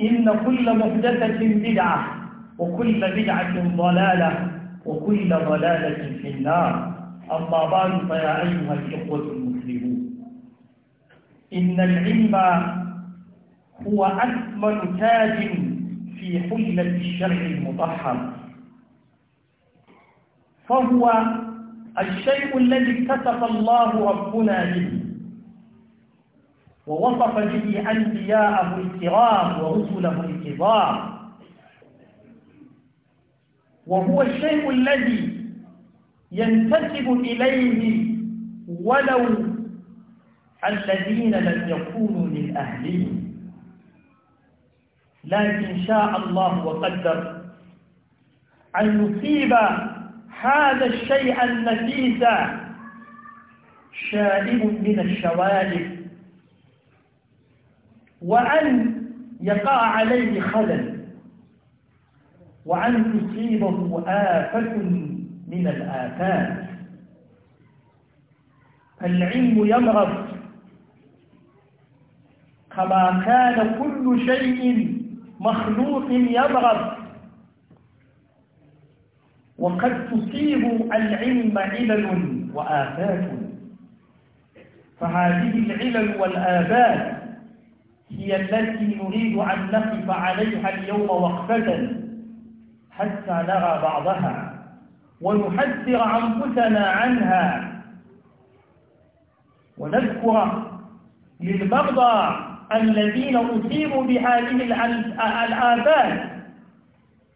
إن كل محدثة بدعة وكل بدعة ضلالة وكل ضلالة في النار أما بعد فيا أيها الإخوة المسلمون إن العلم هو أكمل تاج في حلة الشرع المطهر فهو الشيء الذي اتفق الله ربنا به ووصف به أنبياءه الكرام ورسله الكبار وهو الشيء الذي ينتسب إليه ولو الذين لم يكونوا من أهله لكن شاء الله وقدر أن يصيب هذا الشيء النفيس شائب من الشوالف وأن يقع عليه خلل وأن تصيبه آفة من الآفات العلم يمرض كما كان كل شيء مخلوق يمرض وقد تصيب العلم علل وآفات فهذه العلل والآفات هي التي نريد أن نقف عليها اليوم وقفة حتى نرى بعضها ونحذر أنفسنا عنها ونذكر للمرضى الذين أصيبوا بهذه الآفات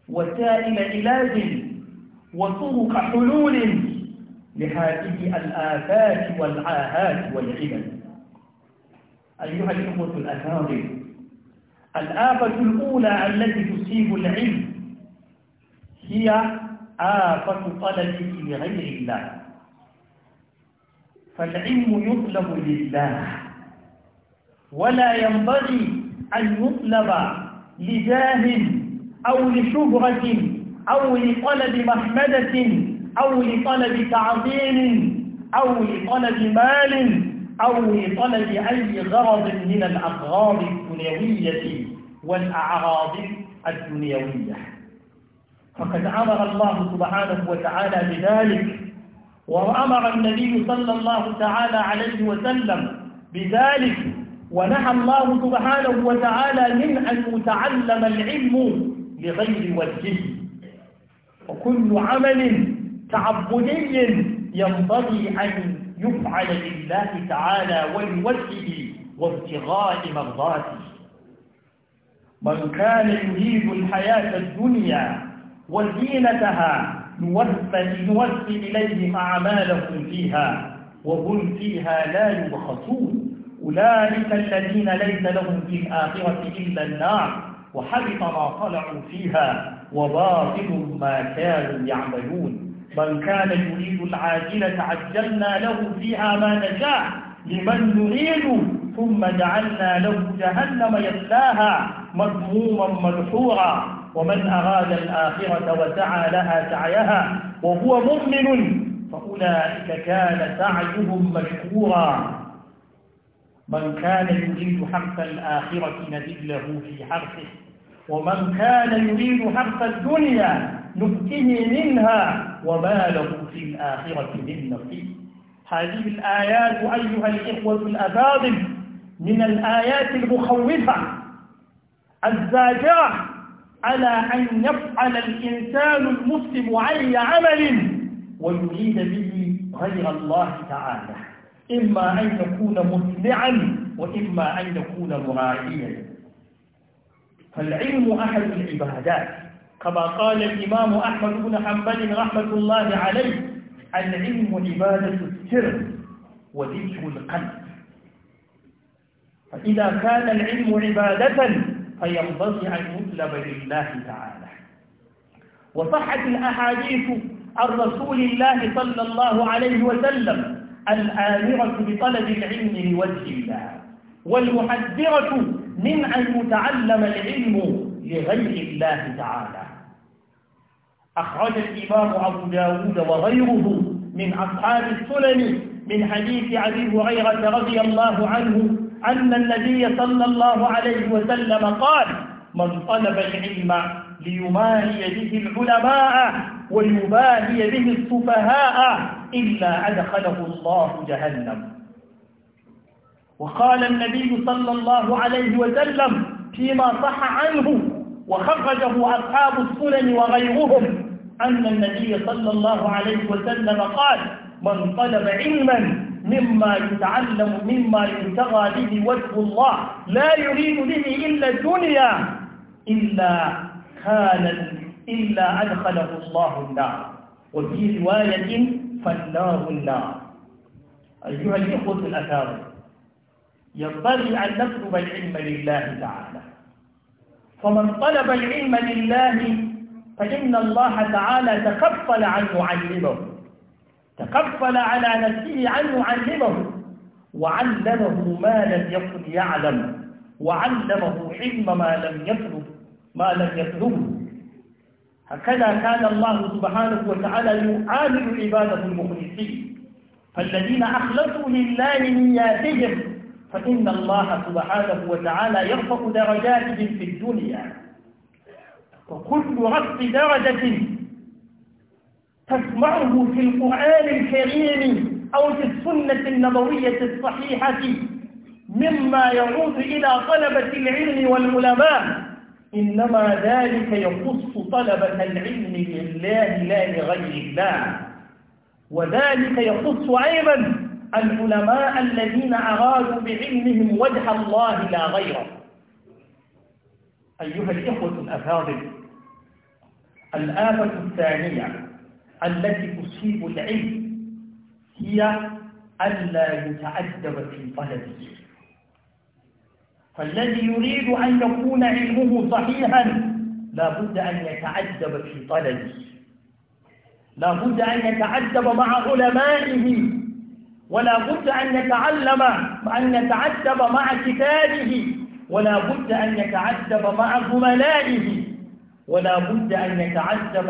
وسائل علاج وطرق حلول لهذه الآفات والعاهات والعبد أيها الإخوة الأكارم الآفة الأولى التي تصيب العلم هي آفة طلبه لغير الله فالعلم يطلب لله ولا ينبغي أن يطلب لجاه أو لشهرة أو لطلب محمدة أو لطلب تعظيم أو لطلب مال أو لطلب أي غرض من الأغراض الدنيوية والأعراض الدنيوية فقد أمر الله سبحانه وتعالى بذلك وأمر النبي صلى الله تعالى عليه وسلم بذلك ونهى الله سبحانه وتعالى من أن يتعلم العلم لغير وجهه وكل عمل تعبدي ينبغي أن يفعل لله تعالى ولوجهه وابتغاء مرضاته من كان يريد الحياة الدنيا وزينتها نوفي إليهم أعمالهم فيها وهم فيها لا يبخسون أولئك الذين ليس لهم في الآخرة إلا النار وحبط ما صنعوا فيها وباطل ما كانوا يعملون من كان يريد العاجلة عجلنا له فيها ما نشاء لمن نريد ثم جعلنا له جهنم يسلاها مذموما مدحورا ومن أراد الآخرة وسعى لها سعيها وهو مؤمن فأولئك كان سعيهم مشكورا من كان يريد حرف الآخرة نزل له في حرفه ومن كان يريد حرف الدنيا نؤتيه منها وما له في الآخرة من نصيب هذه الآيات أيها الإخوة الأفاضل من الآيات المخوفة الزاجرة على أن يفعل الإنسان المسلم أي عمل ويريد به غير الله تعالى إما أن يكون مسمعا وإما أن يكون مرائيا فالعلم أحد العبادات كما قال الإمام أحمد بن حنبل رحمة الله عليه العلم عبادة السر وذكر القلب فإذا كان العلم عبادة فينبغي أن يطلب لله تعالى وصحت الأحاديث عن رسول الله صلى الله عليه وسلم الآمرة بطلب العلم لوجه الله والمحذرة من أن يتعلم العلم لغير الله تعالى أخرج الإمام أبو داود وغيره من أصحاب السنن من حديث أبي هريرة رضي الله عنه أن النبي صلى الله عليه وسلم قال من طلب العلم ليماهي به العلماء ويباهي به السفهاء إلا أدخله الله جهنم وقال النبي صلى الله عليه وسلم فيما صح عنه وخرجه أصحاب السنن وغيرهم أن النبي صلى الله عليه وسلم قال من طلب علما مما يتعلم مما يبتغى به وجه الله لا يريد به إلا الدنيا إلا كان إلا أدخله الله النار وفي رواية فالنار النار أيها الإخوة الأكارم ينبغي أن نطلب العلم لله تعالى فمن طلب العلم لله فإن الله تعالى تكفل عن معلمه تكفل على نفسه عن معلمه وعلمه ما لم يكن يعلم وعلمه علم ما لم يطلب ما لم يطلبه هكذا كان الله سبحانه وتعالى يعامل عباده المخلصين فالذين أخلصوا لله نياتهم فإن الله سبحانه وتعالى يرفع درجاتهم في الدنيا وكل رفع درجة تسمعه في القرآن الكريم أو في السنة النبوية الصحيحة مما يعود إلى طلبة العلم والعلماء إنما ذلك يخص طلبة العلم لله لا لغير الله وذلك يخص أيضا العلماء الذين أرادوا بعلمهم وجه الله لا غيره أيها الإخوة الأفاضل الآفة الثانية التي تصيب العلم هي ألا يتأدب في طلبه فالذي يريد أن يكون علمه صحيحا لا بد أن يتعذب في طلبه لا بد أن يتعذب مع علمائه ولا بد أن يتعلم أن يتعذب مع كتابه ولا بد أن يتعذب مع زملائه ولا بد أن يتعذب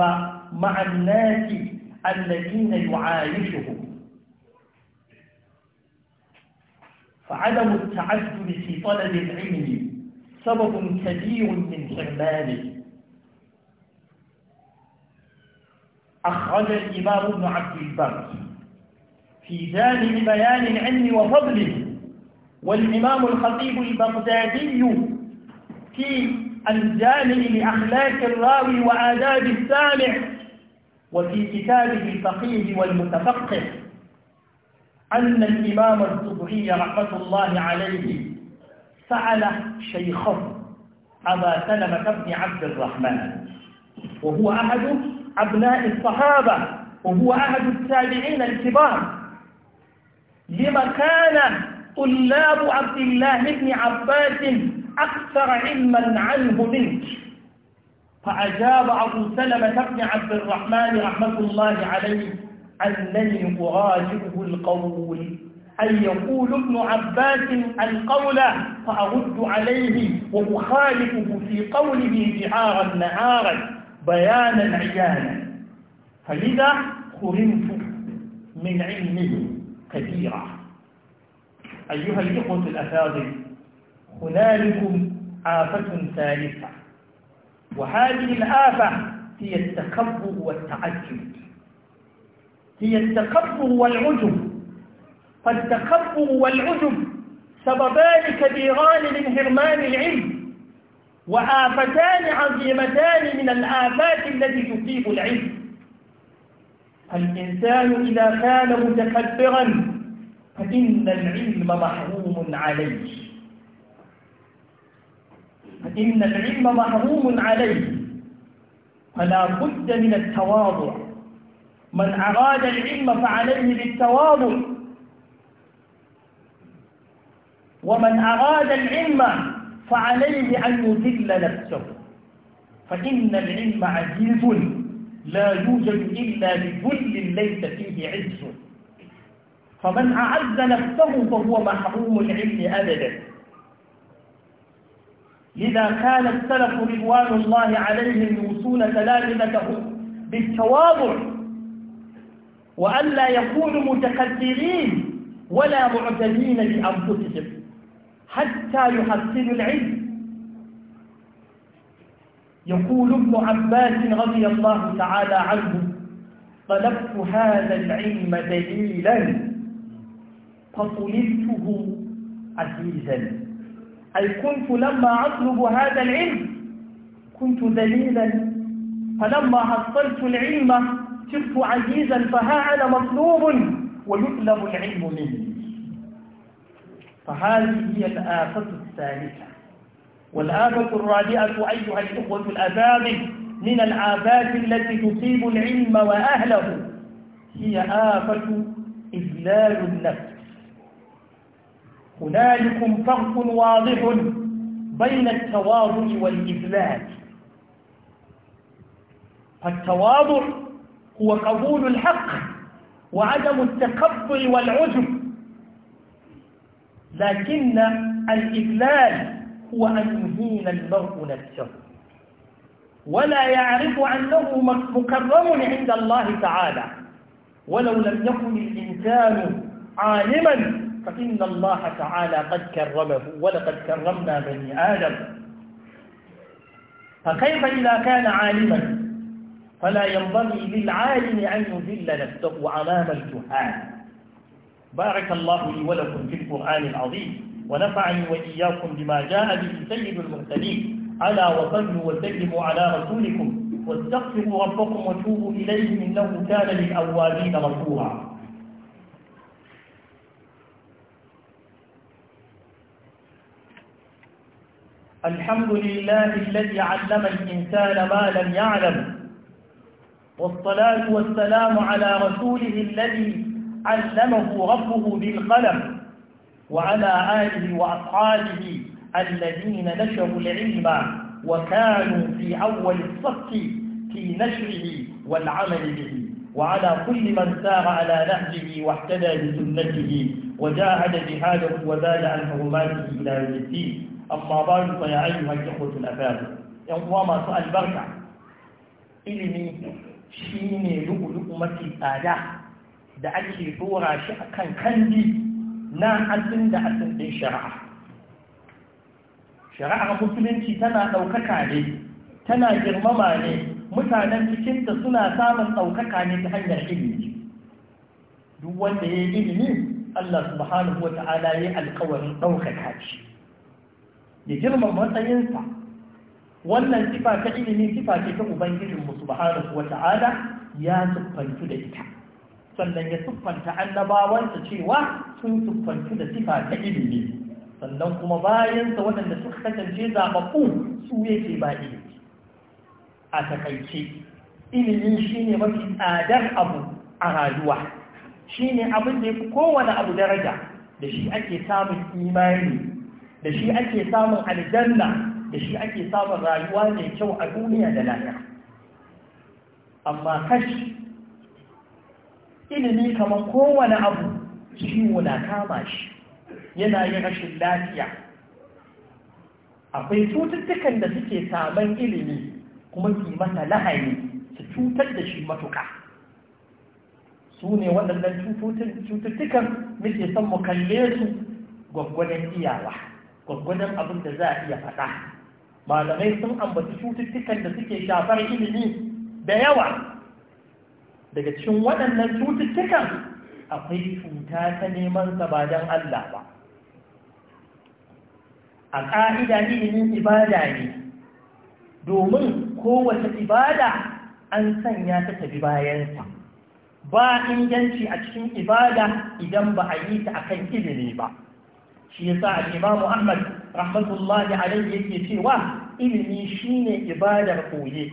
مع الناس الذين يعايشهم فعدم التعذب في طلب العلم سبب كبير من حرمانه أخرج الإمام ابن عبد البر في جانب بيان العلم وفضله والإمام الخطيب البغدادي في الجامع لأخلاق الراوي وآداب السامع وفي كتابه الفقيه والمتفقه أن الإمام الصبحي رحمة الله عليه سأل شيخه أبا سلمة بن عبد الرحمن وهو أحد أبناء الصحابة وهو أحد التابعين الكبار لما كان طلاب عبد الله بن عباس أكثر علما عنه منك فأجاب أبو سلمة بن عبد الرحمن رحمة الله عليه أنني أراجعه القول أن يقول ابن عباس القول فأرد عليه وأخالفه في قوله جعارا نهارا بيانا عيانا فلذا خرمت من علمه كثيرا أيها الإخوة الأفاضل هنالكم آفة ثالثة وهذه الآفة هي التكبر والتعجب هي التكبر والعجب فالتكبر والعجب سببان كبيران من هرمان العلم وآفتان عظيمتان من الآفات التي تصيب العلم الإنسان إذا كان متكبرا فإن العلم محروم عليه فإن العلم محروم عليه فلا بد من التواضع من أراد العلم فعليه بالتواضع ومن أراد العلم فعليه أن يذل نفسه فإن العلم عزيز لا يوجد إلا لذل ليس فيه عز فمن أعز نفسه فهو محروم العلم أبدا إذا كان السلف رضوان الله عليهم يوصون تلامذتهم بالتواضع وألا يكونوا متكبرين ولا معتدين لأنفسهم حتى يحسنوا العلم يقول ابن عباس رضي الله تعالى عنه طلبت هذا العلم دليلا فطلبته عزيزا أي كنت لما أطلب هذا العلم كنت ذليلا فلما حصلت العلم صرت عزيزا فها أنا مطلوب ويطلب العلم مني فهذه هي الآفة الثالثة والآفة الرابعة أيها الإخوة الأباب من الآفات التي تصيب العلم وأهله هي آفة إذلال النفس هنالك فرق واضح بين التواضع والإذلال التواضع هو قبول الحق وعدم التكبر والعجب لكن الإذلال هو أن يهين المرء نفسه ولا يعرف أنه مكرم عند الله تعالى ولو لم يكن الإنسان عالما فإن الله تعالى قد كرمه ولقد كرمنا بني آدم فكيف إذا كان عالما فلا ينبغي للعالم أن يذل نفسه أمام الجهال بارك الله لي ولكم في القرآن العظيم ونفعني وإياكم بما جاء به سيد المرسلين ألا وصلوا وسلموا على رسولكم واستغفروا ربكم وتوبوا إليه إنه كان للأوابين غفورا الحمد لله الذي علم الإنسان ما لم يعلم والصلاة والسلام على رسوله الذي علمه ربه بالقلم وعلى آله وأصحابه الذين نشروا العلم وكانوا في أول الصف في نشره والعمل به وعلى كل من سار على نهجه واحتدى بسنته وجاهد جهاده وزاد عن حرماته إلى يوم الدين amma ba yi faya ayyu haƙƙin hotun yan uwa masu albarka ilimi shi ne lu'ulu'u mafi tsada da ake dora shi a kan kandi na asin da asin ɗin shari'a shari'ar musulunci tana ɗaukaka ne tana girmama ne mutanen cikinta suna samun ɗaukaka ne ta hanyar ilimi duk wanda ya yi ilimi Allah subhanahu wa ta'ala ya alkawarin ɗaukaka shi ya girma matsayinsa wannan sifa ta ilimi sifa ce ta ubangijinmu subhanahu wata'ala ya siffantu da ita sannan ya siffanta annabawansa cewa sun siffantu da sifa ta ilimi sannan kuma bayansa waɗanda suka kasance zaɓaɓɓu su yake ba ilimi a takaice ilimi shine mafi tsadar abu a rayuwa shine abin da ya fi kowane abu daraja da shi ake samun imani da shi ake samun aljanna da shi ake samun rayuwa mai kyau a duniya da lahira amma kashi ilimi kamar kowane abu ciwo na kama shi yana yin rashin lafiya akwai cututtukan da suke saman ilimi kuma su masa lahani su cutar da shi matuƙa su ne waɗannan cututtukan muke son mu kalle su gwaggwanin iyawa gwaggwadon abin da za a iya faɗa malamai sun ambaci cututtukan da suke shafar ilimi da yawa daga cikin waɗannan cututtukan akwai cuta ta neman ba Allah ba a ƙa'ida ilimin ibada ne domin kowace ibada an sanya ta tafi bayansa ba inganci a cikin ibada idan ba a yi ta akan ilimi ba shi yasa al-Imam Ahmad rahmatullahi alayhi yake cewa ilimi shine ibadar koye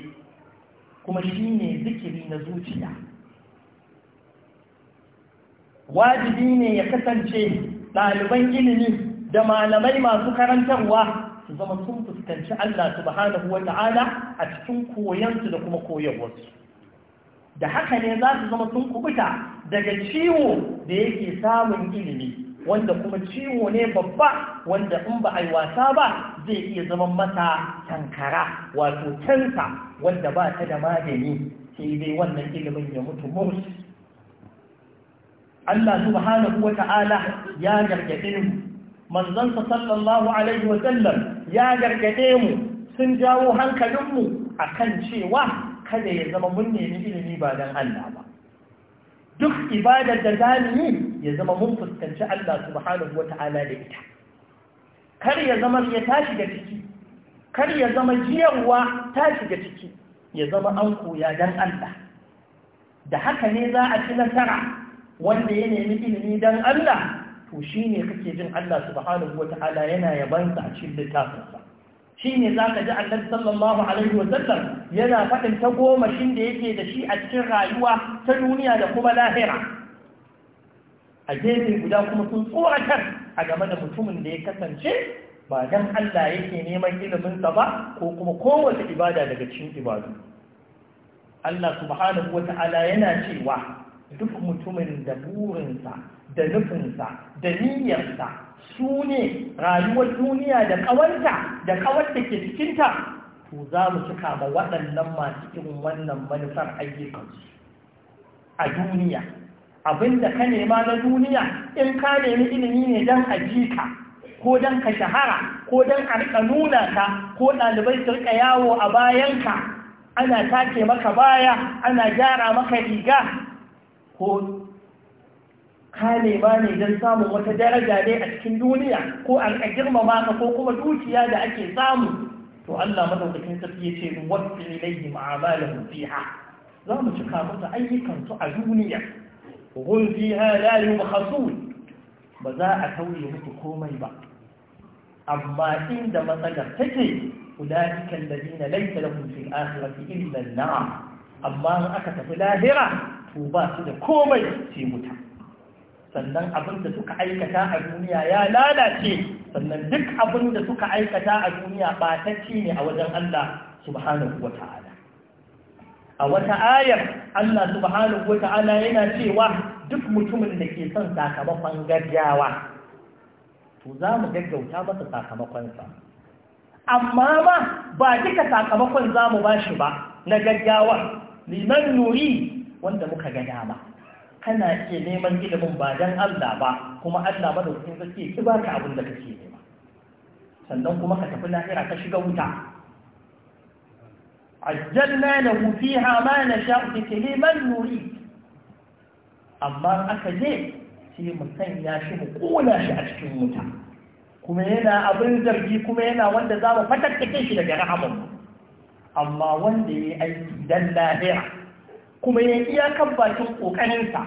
kuma shine zikiri na zuciya wajibi ne ya kasance ɗaliban ilimi da malamai masu karantarwa su zama sun fuskanci Allah subhanahu wata'ala a cikin koyansu da kuma koyarwarsu da haka ne za su zama sun kubuta daga ciwo da yake samun ilimi wanda kuma ciwo ne babba wanda in ba a yi wasa ba zai iya zama masa tankara wato cansa wanda ba ta da magani sai dai wannan ilimin ya mutu murs Allah subhanahu wa ta'ala ya gargaɗe mu manzansa sallallahu alaihi wa sallam ya gargaɗe mu sun jawo hankalinmu akan cewa kada ya zama mun nemi ilimi ba don Allah ba duk ibadar da zamu yi ya zama mun fuskanci Allah subhanahu da ita kar ya zama ya tashi da ciki kar ya zama jiyarwa tashi da ciki ya zama an koya dan Allah da haka ne za a ci nasara wanda ya nemi ilimi dan Allah to shine kake jin Allah subhanahu wata'ala yana yabansa a cikin littafinsa shi ne za ka ji annabi sallallahu alaihi wa sallam yana faɗin ta gomashin da yake da shi a cikin rayuwa ta duniya da kuma lahira a gefe guda kuma sun tsoratar a game da mutumin da ya kasance ba dan Allah yake neman iliminsa ba ko kuma kowace ibada daga cikin ibadu Allah subhanahu wa ta'ala yana cewa duk mutumin da burinsa da nufinsa da niyyarsa su ne rayuwar duniya da ƙawanta da ƙawar da ke cikinta to za mu cika ma waɗannan masu irin wannan manufar ayyukansu a duniya abin da ka nema na duniya in ka nemi ilimi ne don ajika ko don ka shahara ko don a nuna ka ko ɗalibai su rika yawo a bayanka ana take maka baya ana gyara maka riga ko ka ba ne don samun wata daraja ne a cikin duniya ko an a girmama ka ko kuma dukiya da ake samu to Allah madaukakin sarki yace ce wasu ilayhi ma'amalan fiha za mu cika musu ayyukansu a duniya hun fiha la yubkhasun ba za a tauye muku komai ba amma inda matsalar take ulaika alladhina laysa lahum fil akhirati illa an-nar amma in aka tafi lahira to ba su da komai sai wuta sannan abin da suka aikata a duniya ya lalace sannan duk abin da suka aikata a duniya ci ne a wajen Allah subhanahu wa ta'ala a wata ayar Allah subhanahu wa ta'ala yana cewa duk mutumin da ke son sakamakon gaggawa to za mu gaggauta masa sakamakonsa amma ma ba duka sakamakon za mu ba shi ba na gaggawa liman nuri wanda muka ga dama kana iya neman ilimin ba dan Allah ba kuma Allah ba da hukun sarki ki baka abin da kake nema sannan kuma ka tafi lahira ka shiga wuta عجلنا na فيها ما نشاء لمن نريد amma aka je sai mu sanya shi mu kona shi a cikin wuta kuma yana abin zargi kuma yana wanda za mu fatattake shi daga rahamun amma wanda ya yi aiki dan lahira kuma ya kan bakin ƙoƙarinsa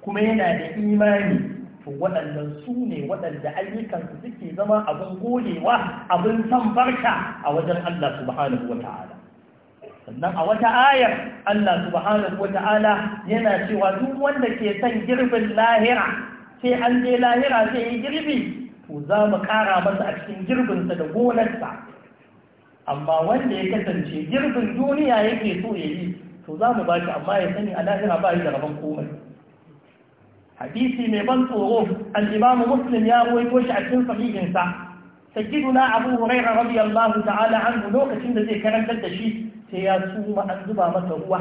kuma yana da imani to waɗannan su ne waɗanda ayyukansu suke zama abin gogewa abin san barka a wajen Allah subhanahu wa ta'ala sannan a wata ayar Allah subhanahu wa ta'ala yana cewa duk wanda ke son girbin lahira sai an je lahira sai ya girbi to za mu ƙara masa a cikin girbinsa da gonarsa amma wanda ya kasance girbin duniya yake so ya yi to za mu ba shi amma ya sani a lahira ba yi da rabon komai hadisi mai ban tsoro al-imamu muslim ya ruwaito shi a cikin sahihinsa sayyiduna abu hurairah radiyallahu ta'ala anhu lokacin da zai karantar da shi sai ya suma an zuba masa ruwa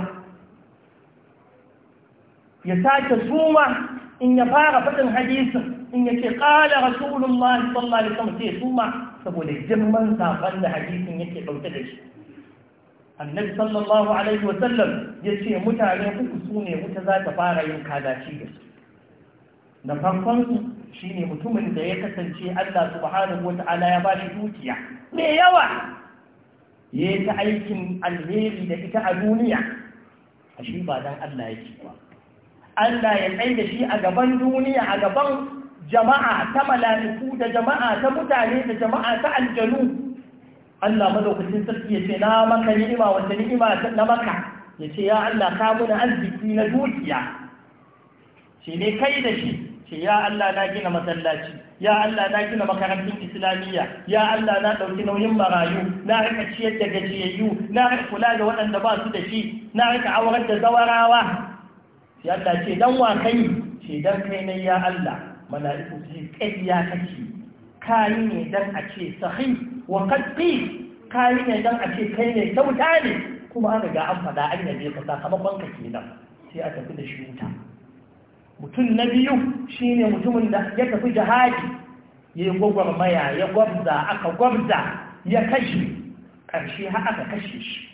ya sake suma in ya fara faɗin hadisin in ya ce ƙala rasulullah sallallahu alaihi wasallam sai suma saboda girman saƙon da hadisin yake ɗauke da shi annabi sallallahu alaihi sallam, ya ce mutane uku su ne wuta za ta fara yin kadaci da su na farkon su shi ne mutumin da ya kasance Allah subhanahu wa ta'ala ya bashi dukiya mai yawa ya yi ta aikin alheri da ita a duniya a shi ba don Allah yake ba Allah ya tsaye da shi a gaban duniya a gaban jama'a ta mala'iku da jama'a ta mutane da jama'a ta aljanu Allah madaukakin sarki ya ce na maka ni'ima wanda ni'ima na maka ya ce ya Allah ka muna arziki na dukiya ce ne kai da shi ce ya Allah na gina masallaci ya Allah na gina makarantun islamiyya ya Allah na ɗauki nauyin marayu na rika ciyar da gajiyayyu na rika kula da waɗanda ba su da shi na rika aurar da zawarawa Ya Allah ce dan wa kai ce dan kai ne ya Allah mala'iku sai kai ya kace kai ne dan a ce sahih wa kadqi kai ne dan ake kai ne kyauta ne kuma an riga an fada an yabe ka sakamakon ka kenan sai a tafi da shi wuta mutum na biyu shine mutumin da ya tafi jihadi ya yi gwagwarmaya ya gwabza aka gwabza ya kashe Karshe har aka kashe shi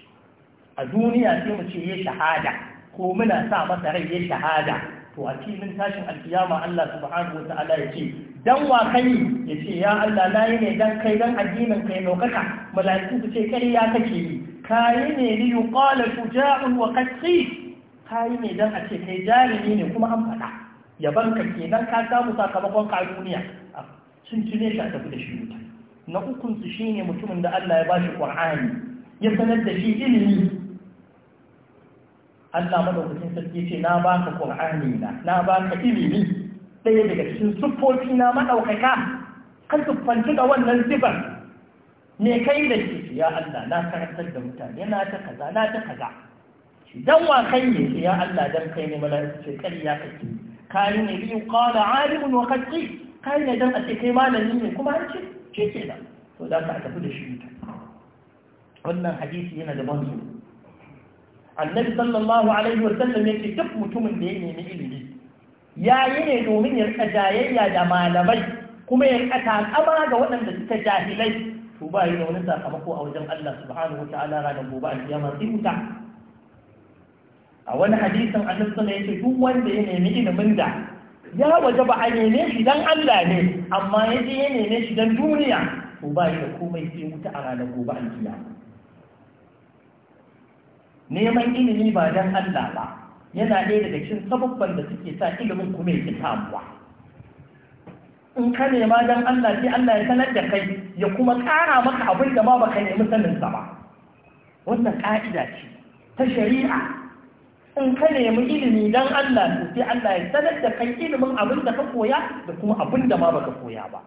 a duniya sai mu ce ya shahada ko muna sa masa rai ya shahada to a filin tashin alkiyama Allah subhanahu wata'ala ya ce dan wa kai ya ce ya Allah na yi ne dan kai dan addinin kai lokaka mala'iku su ce kai ya kake yi kayi ne li yuqala shuja'un wa kayi ne dan a ce kai jarumi ne kuma an faɗa yaban ka kenan ka samu sakamakon ka duniya sun tune shi a tafi da shi mutum na ukun su shine mutumin da Allah ya bashi Qur'ani ya sanar da shi ilimi Allah madaukakin sarki ce na baka Qur'ani na na baka ilimi ɗaya daga cikin siffofi na maɗaukaka kan tuffanci da wannan sifar me kai da shi ya Allah na karantar da mutane na ta kaza na ta kaza dan wa kai ne ya Allah dan kai ne malaiku ce ƙarya kake kai ne bi qala alimun wa qad kai ne dan a ce kai malami ne kuma an ce shi ke da to da ka tafi da shi wannan hadisi yana da bansu annabi sallallahu alaihi wa sallam yake duk mutumin da ya nemi ilimi ya yi ne domin ya rika jayayya da malamai kuma ya rika takama ga waɗanda suka jahilai to ba yi da wani sakamako a wajen Allah subhanahu wa ta'ala ranar gobe jiya masu wuta a wani hadisin annabi sallallahu alaihi duk wanda ya nemi ilimin da ya waje ba a neme shi dan Allah ne amma ya je ya neme shi dan duniya to ba yi da komai sai wuta a ranar gobe jiya neman ilimi ba dan Allah ba yana ɗaya daga cikin sababban da suke sa ilimin kuma yake samuwa in ka nema don Allah sai Allah ya sanar da kai ya kuma ƙara maka abin da ma baka nemi saninsa ba wannan ƙa'ida ce ta shari'a in ka nemi ilimi don Allah sai Allah ya sanar da kai ilimin abin da ka koya da kuma abin da ma baka koya ba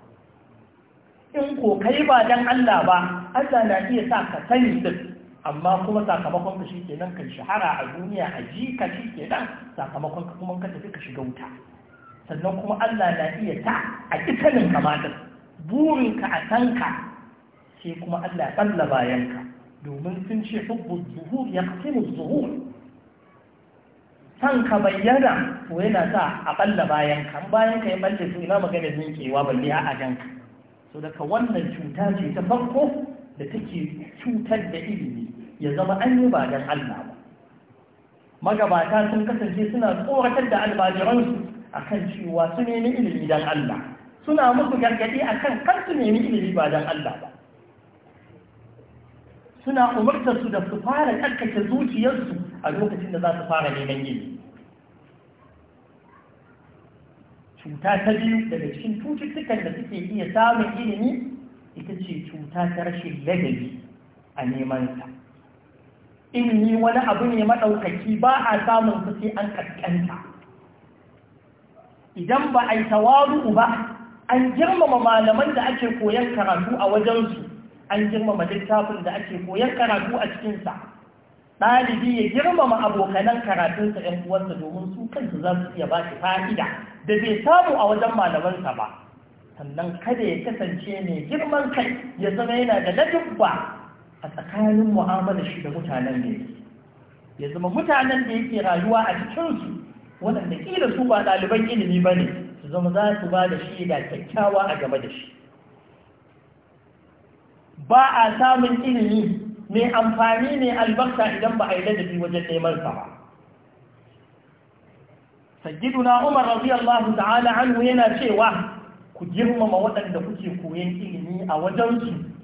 in ko kai ba don Allah ba Allah na iya sa ka sani duk amma kuma sakamakon ka shi kenan kan shahara a duniya a ji ka shi kenan sakamakon ka kuma ka tafi ka shiga wuta sannan kuma Allah na iya ta a kitanin kamata burin ka a san ka sai kuma Allah ya tsalla bayan ka domin sun ce hubbu zuhur ya kafinu zuhur san ka bayyana ko yana sa a balla bayan ka bayan ka ya balle su ina magana kewa balle a ajan ka so daga wannan cuta ce ta farko da take cutar da ilimi ya zama an yi ba don Allah ba magabata sun kasance suna tsoratar da almajiransu a kan cewa su nemi ilimi don Allah suna musu gargaɗi a kan kar su nemi ilimi ba don Allah ba suna umartarsu da su fara tsarkake zuciyarsu a lokacin da za su fara neman ilimi cuta ta biyu daga cikin cututtukan da suke iya samun ilimi ita ce cuta ta rashin ladabi a neman sa ilimi wani abu ne maɗaukaki ba a samun su sai an ƙasƙanta idan ba a yi tawaru ba an girmama malaman da ake koyan karatu a wajensu an girmama littafin da ake koyan karatu a cikinsa ɗalibi ya girmama abokanan karatunsa ‘yan uwarsa domin su kansu za su iya ba shi fa'ida da bai samu a wajen malamansa ba sannan kada ya kasance mai girman kai ya zama yana da ladubba a tsakanin mu'amala shi da mutanen da yake ya zama mutanen da yake rayuwa a cikinsu waɗanda ƙila su ba ɗaliban ilimi ba ne su zama za su ba da shi da kyakkyawa a game da shi ba a samun ilimi mai amfani ne albarka idan ba a yi ladabi wajen neman sa ba sajiduna umar radiyallahu ta'ala anhu yana cewa ku girmama waɗanda kuke koyon ilimi a wajensu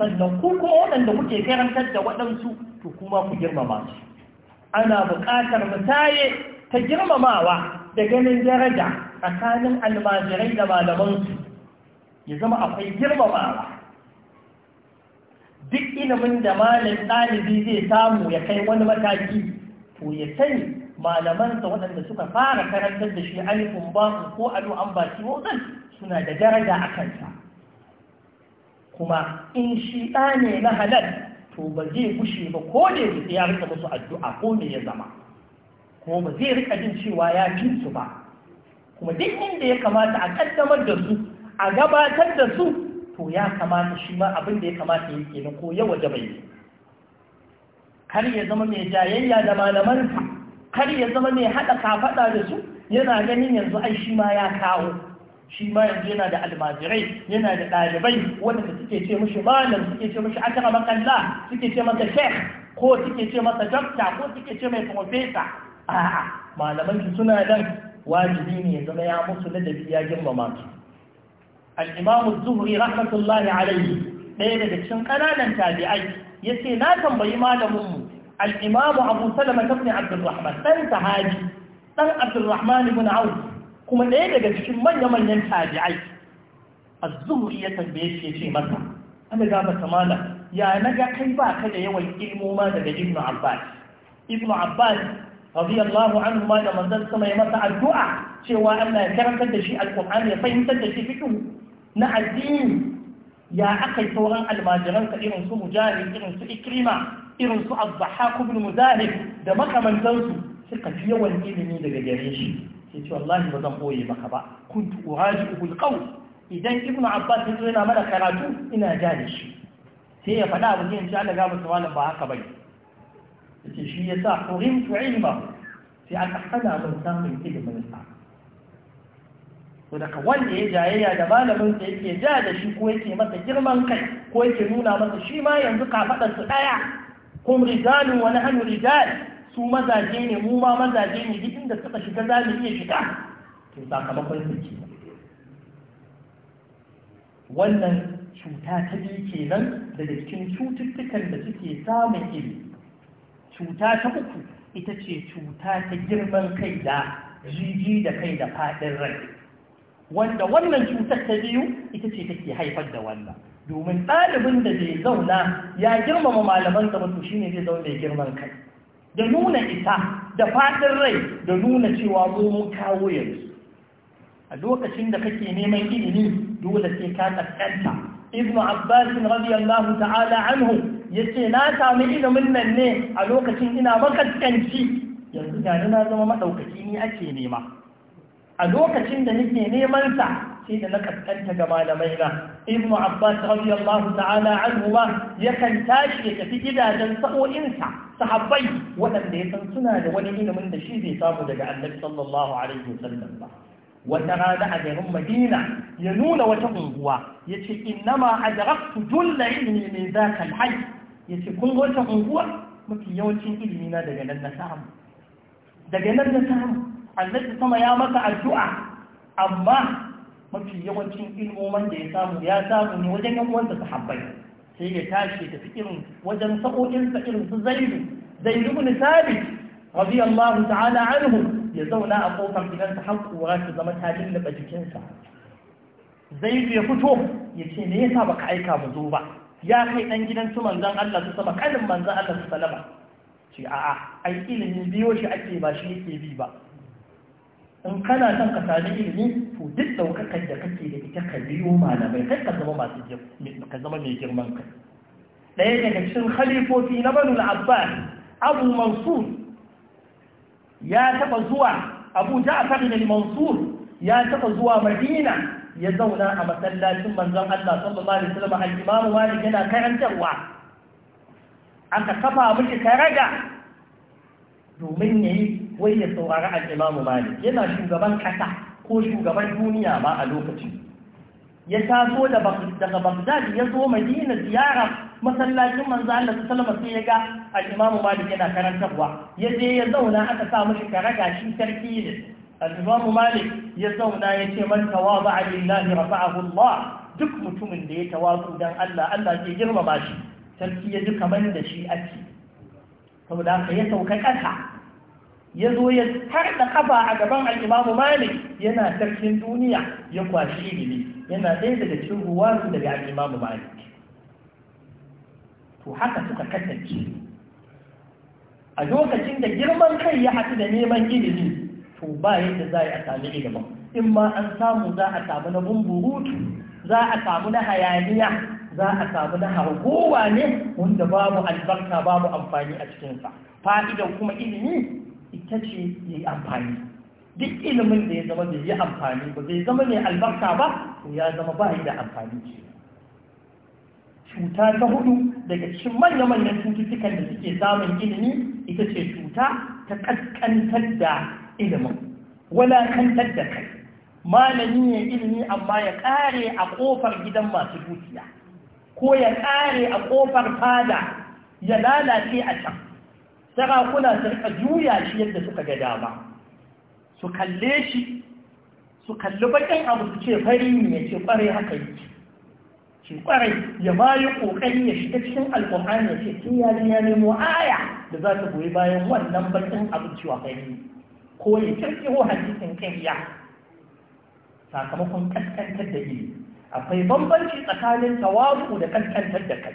sannan ku ko waɗanda kuke karantar da waɗansu to kuma ku girmama su ana buƙatar mutaye ta girmamawa da ganin daraja tsakanin almajirai da malamansu ya zama akwai girmamawa duk ilimin da malin ɗalibi zai samu ya kai wani mataki to ya sani malamansa waɗanda suka fara karantar da shi alifin ba ko alu an suna da daraja a kansa kuma in shi ɗa ne na halal to ba zai gushe ba ko ne ya rika musu addu'a ko me ya zama ko ba zai rika jin cewa ya fi su ba kuma duk inda ya kamata a kaddamar da su a gabatar da su to ya kamata shi ma abin da ya kamata yake na ko yawa da bai kar ya zama mai jayayya da malamansa kar ya zama mai haɗa kafaɗa da su yana ganin yanzu ai shi ma ya kawo shi ma yanzu yana da almajirai yana da ɗalibai waɗanda suke ce mashi malam suke ce mashi akara makalla suke ce masa shek ko suke ce masa dokta ko suke ce mai profesa a'a malaman suna nan wajibi ne ya zama ya musu ladabi ya girmama su al-imam zuhri rahmatullahi alaihi ɗaya daga cikin ƙananan tabi'ai yace na tambayi malamin mu al-imam abu salama ibn abdurrahman dan sahabi dan abdurrahman ibn auf kuma ɗaya daga cikin manya-manyan tabi'ai az-zuhri ya tambaye shi ce masa ana gaba tamala ya naga kai ba ka da yawan ilmoma daga ibn abbas ibn abbas radiyallahu anhu ma da manzon sama ya masa addu'a cewa Allah ya karantar da shi alqur'ani ya fahimtar da shi fiqh na addini ya akai sauran almajiran ka irin su mujahid irin su ikrima irin su az ibn muzahib da makamantansu suka fi yawan ilimi daga gare shi sai ce wallahi ba zan boye maka ba kuntu uraji'u alqawl idan ibnu abbas ya zo yana mana karatu ina ja da shi sai ya faɗa abin yin Allah ga masa malam ba haka bai yace shi ya sa yasa urimtu ba sai aka hana mun samun ilimin sa to daga wanda ya jayayya da malamin sa yake ja da shi ko yake masa girman kai ko yake nuna masa shi ma yanzu ka faɗa su daya kum rijalun wa nahnu rijal su mazaje ne mu ma mazaje ne duk inda suka shiga za mu iya shiga to sakamakon su ke wannan cuta ta biyu kenan daga cikin cututtukan da suke samun iri cuta ta uku ita ce cuta ta girman kai da jiji da kai da faɗin rai wanda wannan cutar ta biyu ita ce take haifar da wannan domin ɗalibin da zai zauna ya girmama malaman ba to shine zai zauna mai girman kai da nuna ita da fadin rai da nuna cewa mu mun kawo yanzu a lokacin da kake neman ilimi dole sai ka tsakanta ibn abbas radiyallahu ta'ala anhu yace na samu ilimin nan ne a lokacin ina makaskanci yanzu gani na zama madaukaki ne ake nema a lokacin da nake neman sa sai da na kaskanta ga malamai na ibn abbas radiyallahu ta'ala anhu ma yakan tashi ya tafi gidajen sa'o'insa sahabbai waɗanda ya san suna da wani ilimin da shi bai samu daga annabi sallallahu alaihi wasallam ba wata rana a garin madina ya nuna wata unguwa ya ce innama adraktu julla ilmi min zaka alhaj ya ce kun wata unguwa mafi yawancin ilimi na daga nan na samu daga nan na samu annabi sama ya maka addu'a amma mafi yawancin ilmoman da ya samu ya samu ne wajen yan uwansa sahabbai sai ya tashi da irin wajen sa'o'insa irin su zaidu zaidu bin sabit radiyallahu ta'ala anhu ya zauna a kofar gidansa har kura su zama ta lullaba jikinsa zaidu ya fito ya ce me yasa baka aika mu zo ba ya kai dan gidan su manzon Allah su sama kanin manzon Allah su salama ce a'a ai ilimin biyo shi ake ba shi yake bi ba in kana son ka sami ilimi to duk daukakar da kake da ita ka biyo mai kai ka zama masu ka zama mai girman kai ɗaya daga cikin khalifofi na banu al abu mansur ya taɓa zuwa abu ja'far bin mansur ya taba zuwa madina ya zauna a masallacin manzon Allah sallallahu alaihi wasallam al-imam malik yana karantarwa aka kafa miki karaga domin yayi wai ya saurari al'imamu malik yana shugaban kasa ko shugaban duniya ba a lokacin ya taso daga bagdad ya zo madina ziyara masallacin manzo Allah sallallahu sai ya ga al-imamu malik yana karantarwa ya je ya zauna aka sa mishi karaga shi sarki ne al-imamu malik ya zauna ya ce man tawaba lillahi rafa'ahu Allah duk mutumin da ya tawazu dan Allah Allah zai girmama shi sarki ya ji kaman da shi ake saboda ka ya sauka kasa ya zo ya harda kafa a gaban al'imamu malik yana sarkin duniya ya kwashi ilimi yana ɗaya daga cikin ruwaru daga al'imamu malik to haka suka kasance a lokacin da girman kai ya haɗu da neman ilimi to ba yadda za a sami ilimin in ma an samu za a samu na bumburutu za a samu na hayaniya za a samu na hargowa ne wanda babu albarka babu amfani a cikinsa fa'idar kuma ilimi ita ce ya yi amfani duk ilimin da ya zama bai yi amfani ba zai zama mai albarka ba to ya zama ba da amfani ce cuta ta hudu daga cikin manya-manyan cututtukan da suke samun ilimi ita ce cuta ta kaskantar da ilimin walakantar da kai malami ya ilimi amma ya kare a kofar gidan masu dukiya ko ya kare a kofar fada ya lalace a can sarakuna sun ka juya shi yadda suka ga dama su kalle shi su kalli bakin abu su ce fari ne ya ce kwarai haka yake ce kwarai ya bayi kokari ya shiga cikin alkur'ani ya ce tun ya ya nemo aya da za ta goyi bayan wannan bakin abin cewa fari ko ya kirkiro hadisin ƙarya sakamakon kaskantar da ilimi akwai bambanci tsakanin tawazu da kaskantar da kai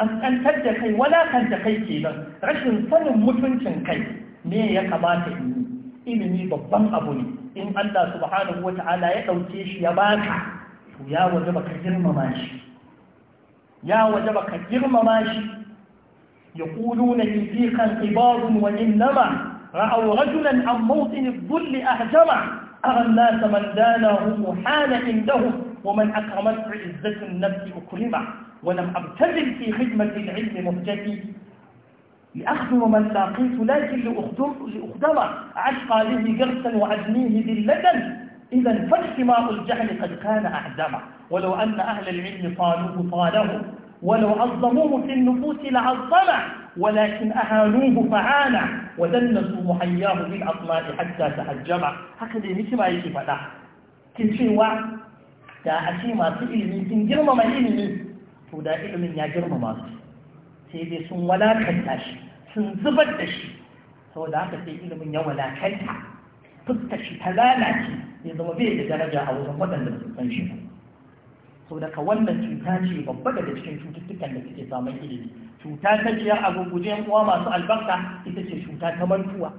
ƙasƙantar da kai wadatar da kai ke nan rashin sanin mutuncin kai me ya kamata in yi ilimi babban abu ne in Allah subhanahu wa ta'ala ya ɗauke shi ya baka to ya waje baka girmama shi ya waje baka girmama shi ya kulu na fi kan ibarun wa innama ra'aw rajulan an mawtin adh-dhull ahjama أرى الناس من دانه محال عندهم ومن أكرمته عزة النفس أكرمه ولم أبتذل في خدمة العلم مهجتي لأخدم من لاقيت لكن لأخدر لأخدره عشقى له قرسا وعزميه ذلة إذا فاجتماع الجهل قد كان أعدما ولو أن أهل العلم طالوه طاله ولو عظموه في النفوس لعظمه ولكن أهانوه فعانا ودنسوا محياه بالأطماء حتى تهجم هكذا يمكن ما يكفى له كل شيء وعد da a في masu تنجرم ما girmama to da ilimin ya girmama su sai dai sun walakanta shi sun zubar da shi sau da haka sai ilimin ya walakanta fuskar shi ta lalace ya zama bai da daraja a wurin waɗanda su san shi da daga wannan cuta ce babba daga cikin cututtukan da suke samun ilimi cuta ta jiya a gugujen uwa masu albarka ita ce cuta ta mantuwa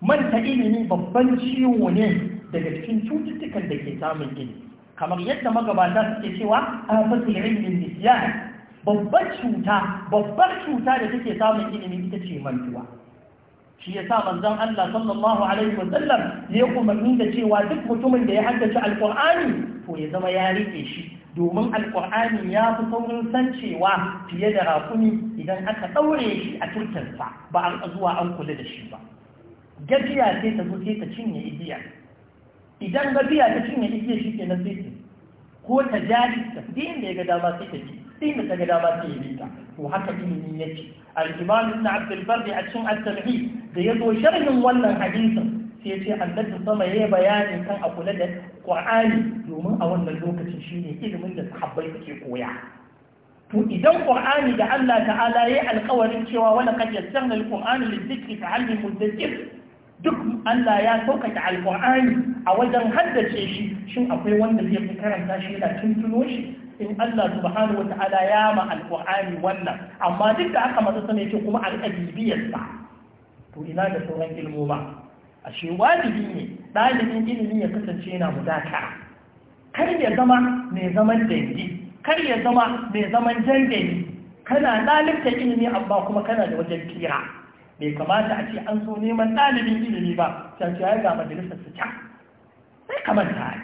manta ilimi babban ciwo ne daga cikin cututtukan da ke samun ilimi kamar yadda magabata suke cewa afatul ilimin nisyan babbar cuta babbar cuta da take samun ilimi ita ce mantuwa shi ya sa manzon Allah sallallahu alaihi wasallam ya umarni da cewa duk mutumin da ya haddace alqur'ani to ya zama ya rike shi domin alqur'ani ya fi saurin sancewa fiye da rakuni idan aka ɗaure shi a turkinsa ba an zuwa an kula da shi ba gajiya sai ta zo sai ta cinye igiya idan gafiya ta cinye igiyar shi ke na sai ko ta jari ta din da ya ga dama sai ta ji, din da ta ga dama sai ya bi ta to haka ilimi yake al-imam ibn abd barri a cikin at da ya zo sharhin wannan hadisin sai ya ce annabi sama yayi bayani kan a kula da qur'ani domin a wannan lokacin shine ilimin da sahabbai suke koya to idan qur'ani da Allah ta'ala yayi alƙawarin cewa wala qad yassarna al-qur'ana lidh-dhikri fa'allimu dhikr duk Allah ya saukaka alƙur'ani a wajen haddace shi shin akwai wanda zai fi karanta shi da tuntuno shi in Allah subhanahu wata'ala ya ma alƙur'ani wannan amma duk da aka masu sane ce kuma sa, to ina da sauran ba. a shi wajibi ne ɗalibin ilimi ya kasance yana mudaka kar ya zama mai zaman dangi kar ya zama mai zaman jandani kana ɗalibta ilimi amma kuma kana da wajen kira bai kamata a ce an so neman ɗalibin ilimi ba ta ce ya ga majalisar su can sai kamanta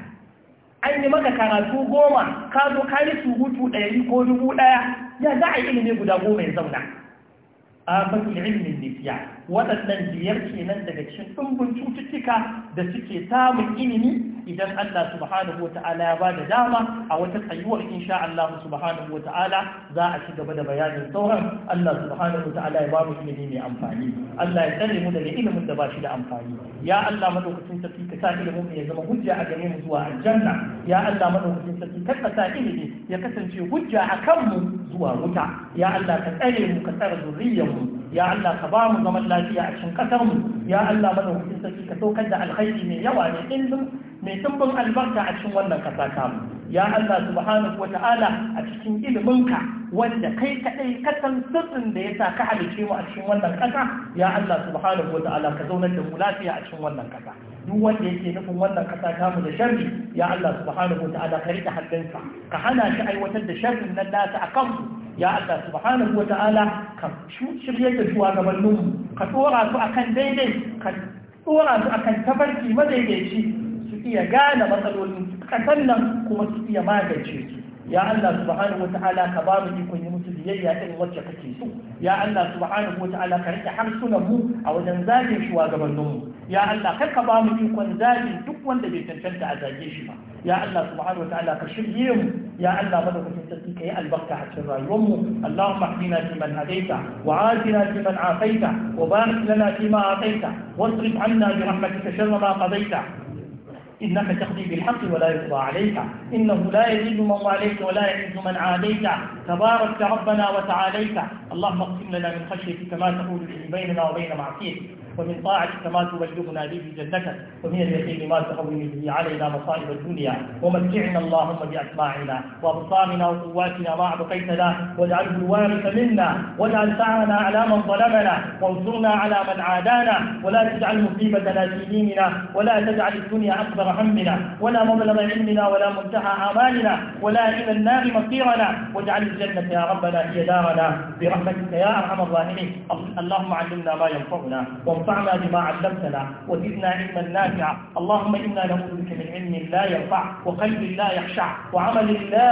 an yi maka karatu goma ka zo ka yi surutu ɗari ko dubu ɗaya ya za a yi ilimi guda goma ya zauna a fatul ilimin nufiya waɗannan biyar kenan daga cikin ɗumbin cututtuka da suke samun ilimi idan Allah subhanahu wata'ala ya bada dama a wata tsayuwar insha Allah subhanahu wata'ala za a ci gaba da bayanin sauran Allah subhanahu wata'ala ya ba mu ilimi mai amfani Allah ya tsare mu da ilimin da ba shi da amfani ya Allah madaukakin sarki ka sa ilimin ya zama hujja a gare mu zuwa aljanna ya Allah madaukakin sarki ka sa ilimi ya kasance hujja a mu zuwa wuta ya Allah ka tsare mu ka tsare zuriyar mu ya Allah ka ba mu zaman lafiya a cikin kasar mu ya Allah madaukakin sarki ka saukar da alkhairi mai yawa ne indin mai tumbin albarka a cikin wannan kasa tamu ya Allah subhanahu a cikin iliminka wanda kai kadai ka san sirrin da yasa ka halice mu a cikin wannan kasa ya Allah subhanahu ta'ala ka zaunar da mu lafiya a cikin wannan kasa duk wanda yake nufin wannan kasa tamu da sharri ya Allah subhanahu ta'ala ka rike hannunsa ka hana shi aiwatar da sharrin nan ta a kanmu ya Allah subhanahu wa ta'ala ka shirye da mu ka tsora su akan daidai ka tsora su akan tabarki madaidaici su iya gane matsalolin kasan nan kuma su iya magance su ya Allah subhanahu wata'ala ka ba mu ikon yi musu biyayya irin wacce kake so ya Allah subhanahu wata'ala ka rike harsunan mu a wajen zagin shugabannin mu ya Allah kar ka ba mu ikon zagin duk wanda bai cancanta a zage shi ba ya Allah subhanahu wata'ala ka shirye mu ya Allah madaukakin sarki kai albarka a cikin rayuwar mu Allahumma hdina fi man hadaita wa atina fi man afaita wa barik lana fi ma ataita wasrif anna bi rahmatika sharra ma qadaita إنك تقضي بالحق ولا يقضى عليك إنه لا يزيد من عليك ولا يعز من عاديت تبارك ربنا وتعاليت اللهم اقسم لنا من خشيتك ما تقول به بيننا وبين معصيتك ومن طاعتك ما تبلغنا به جنتك ومن اليقين ما تهون به علينا مصائب الدنيا ومتعنا اللهم باسماعنا وابصارنا وقواتنا ما ابقيتنا واجعله الوارث منا واجعل سعنا على من ظلمنا وانصرنا على من عادانا ولا تجعل مصيبتنا في ديننا ولا تجعل الدنيا اكبر همنا ولا مبلغ علمنا ولا منتهى امالنا ولا الى النار مصيرنا واجعل الجنة يا ربنا هي دارنا برحمتك يا أرحم الراحمين اللهم علمنا ما ينفعنا وانفعنا بما علمتنا وزدنا علما نافعا اللهم إنا نعوذ بك من علم لا ينفع وقلب لا يخشع وعمل لا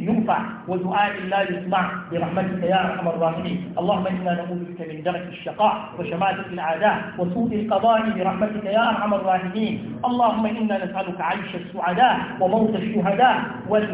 ينفع ودعاء لا يسمع برحمتك يا ارحم الراحمين اللهم انا نعوذ بك من درك الشقاء وشماتة الاعداء وسوء القضاء برحمتك يا ارحم الراحمين اللهم انا نسالك عيش السعداء وموت الشهداء وال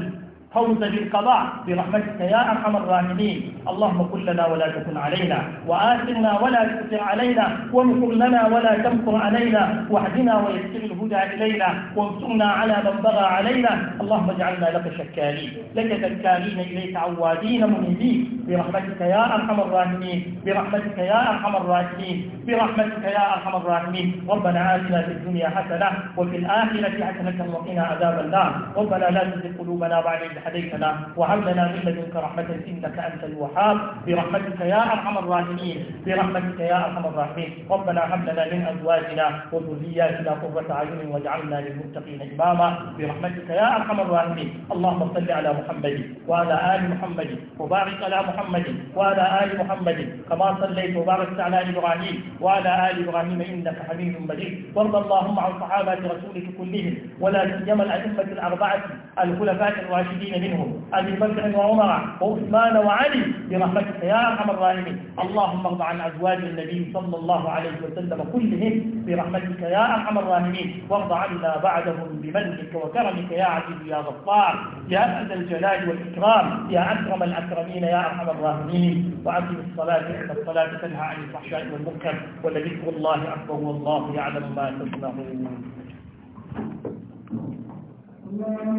فوز بالقضاء برحمتك يا أرحم الراحمين اللهم كن لنا ولا تكن علينا وآثرنا ولا تؤثر علينا وامكر لنا ولا تمكر علينا واهدنا ويسر الهدى إلينا وانصرنا على من بغى علينا اللهم اجعلنا لك شكارين لك تكارين إليك عوادين منيبين برحمتك يا أرحم الراحمين برحمتك يا أرحم الراحمين برحمتك يا أرحم الراحمين ربنا آتنا في الدنيا حسنة وفي الآخرة حسنة وقنا عذاب النار ربنا لا تزغ قلوبنا بعد إذ هديتنا وهب لنا من لدنك رحمة إنك أنت الوهاب برحمتك يا أرحم الراحمين برحمتك يا أرحم الراحمين ربنا هب لنا من أزواجنا وذرياتنا قرة أعين واجعلنا للمتقين إماما برحمتك يا أرحم الراحمين اللهم صل على محمد وعلى آل محمد وبارك على محمد وعلى آل محمد كما صليت وباركت على إبراهيم وعلى آل إبراهيم إنك حميد مجيد وارض اللهم عن صحابة رسولك كلهم ولا سيما الأئمة الأربعة الخلفاء الراشدين المسلمين منهم أبي بكر وعمر وعثمان وعلي برحمتك يا أرحم الراحمين اللهم ارض عن أزواج النبي صلى الله عليه وسلم كلهم برحمتك يا أرحم الراحمين وارض عنا بعدهم بمنك وكرمك يا عزيز يا غفار يا أسد الجلال والإكرام يا أكرم الأكرمين يا أرحم الراحمين وأقم الصلاة إن الصلاة تنهى عن الفحشاء والمنكر ولذكر الله أكبر والله يعلم ما تصنعون